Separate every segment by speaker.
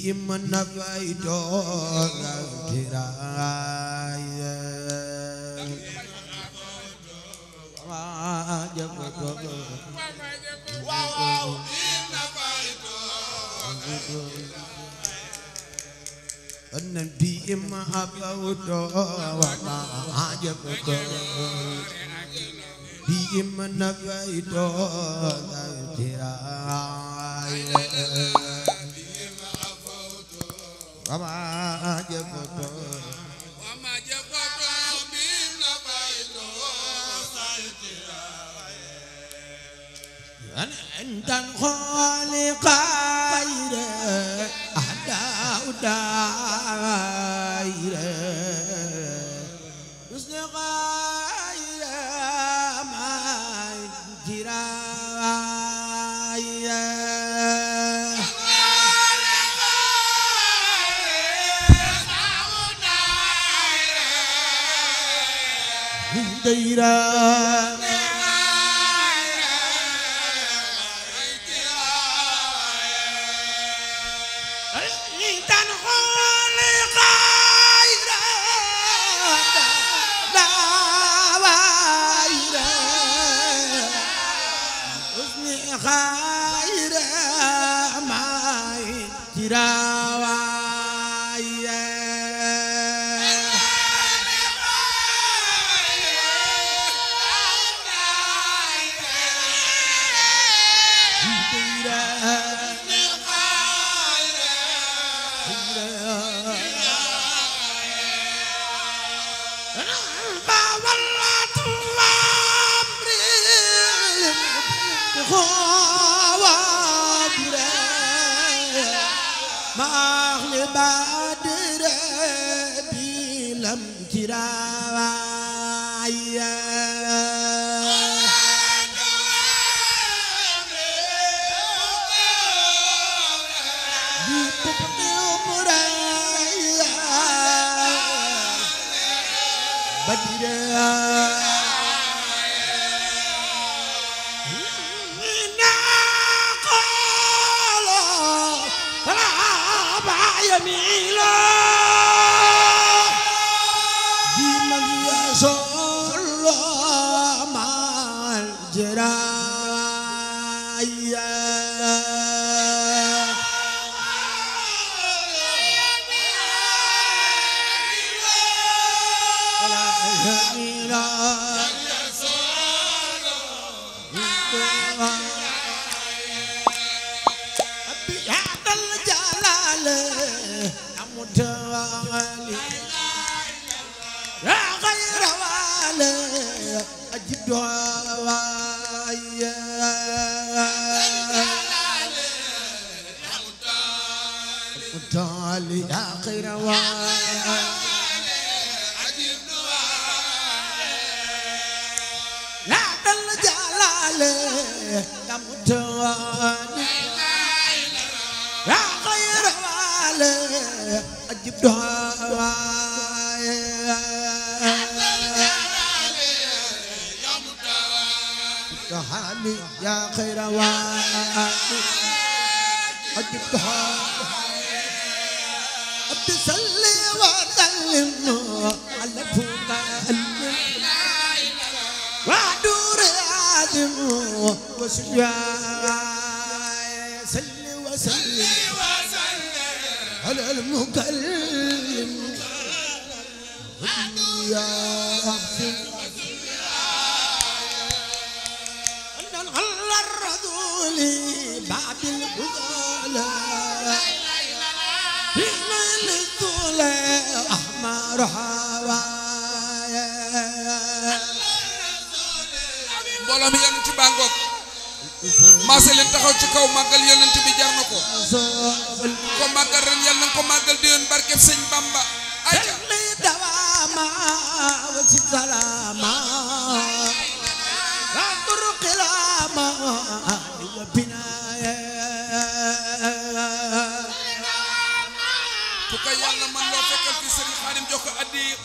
Speaker 1: فيهم نفيت الكرايا ما جبت واو النبي ما أبوت وما عجبت بهم نفيت الكرايا وما جبت وما جبت من بيت أنا أنت الخالق غير أحد دائره جيران yaa Jamila لا تلجأ لا لا عني يا خير وادي أجبتها أبتسلي وسلم على فوق وعدور عازم وسجا سل وسلم على المكلم يا أحسن بعد الغزالة من الظلى أحمر حوايا mbooloo mi yonent bi bàngoog maase leen taxaw ci kaw màggal yonent bi jar na ko ko màggal ren yàlla na ko màggal déwén barkeb sëñ Bamba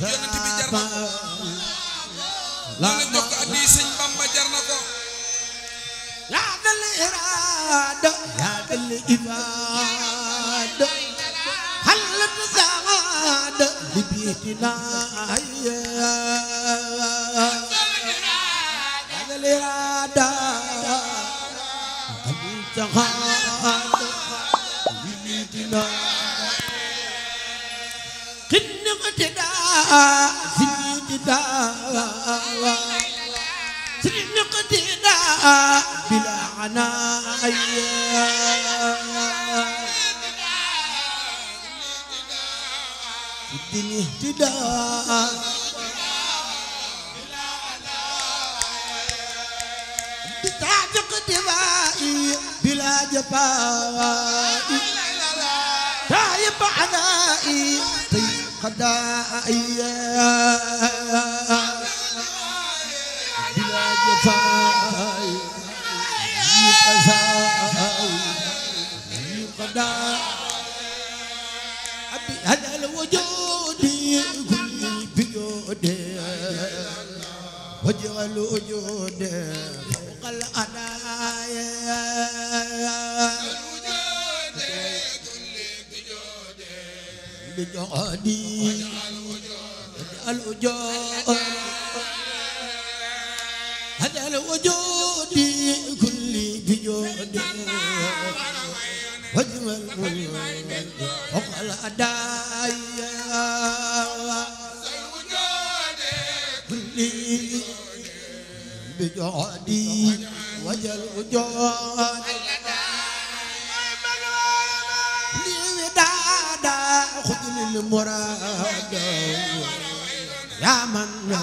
Speaker 1: yonent bi jar na ko la nga jox ko addi sëñ Bamba jar na ko yaa dal iraada yaa dal ibaada halat saada li biitina yaa dal iraada yaa dal ibaada طيب عنائي طيب وجعل وجوده فوق الأدايا بجهدي اجعل وجودي اجعل وجودي كلي بجهدي واجمل وجودي وقل اداي كلي بجهدي واجعل وجودي المراد يا من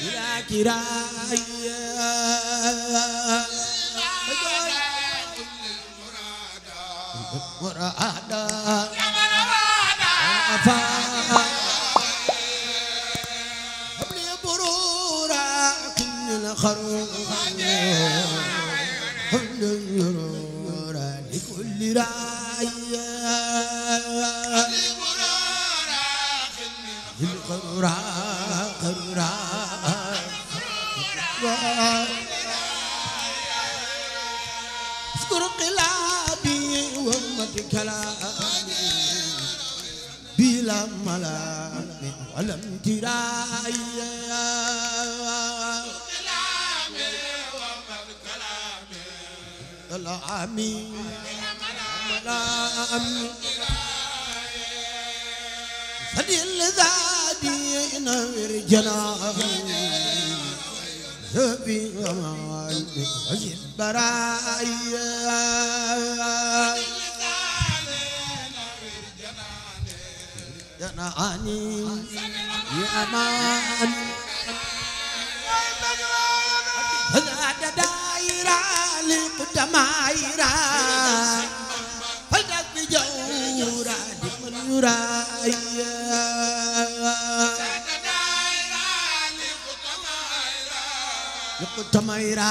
Speaker 1: إلى كراي مراد يا مراد قبل برورا كل الخروج حمد الروح لكل راية للقرى قرى اذكر قلابي وامة كلامي بلا ملام ولم ترايا العمي العمي فدي الذادي نور جناحي ذبي غمال وجه برايا جناني يا امان Tamaira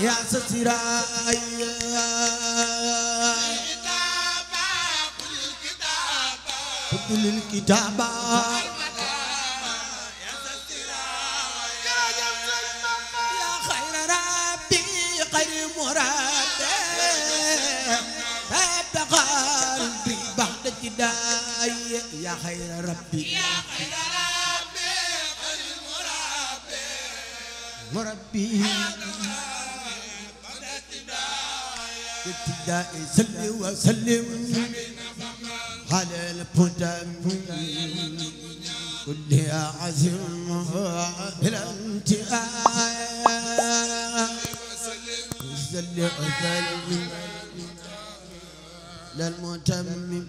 Speaker 1: يا سترايا كتابا الكتابا يا خير ربي خير مرادي رب قلبي بعد جداي يا خير ربي يا خير ربي خير مربي مربي بالابتداء صل وسلم على القدم كلها عزم بلا امتئان صل وسلم للمتمم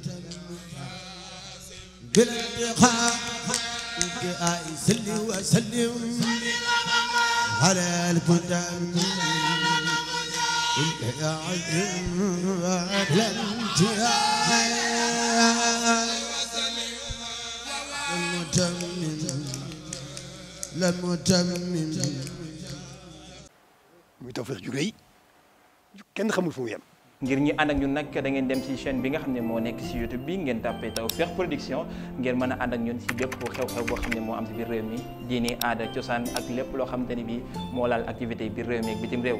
Speaker 1: بلا انتقام امتئاء صل وسلم على القدم العظيم على الانتهاء المتمم المتمم muy Tawfekh jugee yi kenn xamul fu mu yem. ngir ñi ànd ak ñun nag da ngeen dem ci chaîne bi nga xam ne moo nekk ci YouTube bi ngeen tàppee Tawfekh Production ngeen mën a ànd ak ñun ci bépp xew-xew boo xam ne moo am ci biir réew mi diini aada cosaan ak lépp loo xamante ni bi moo laal activité biir réew mi bitim réew.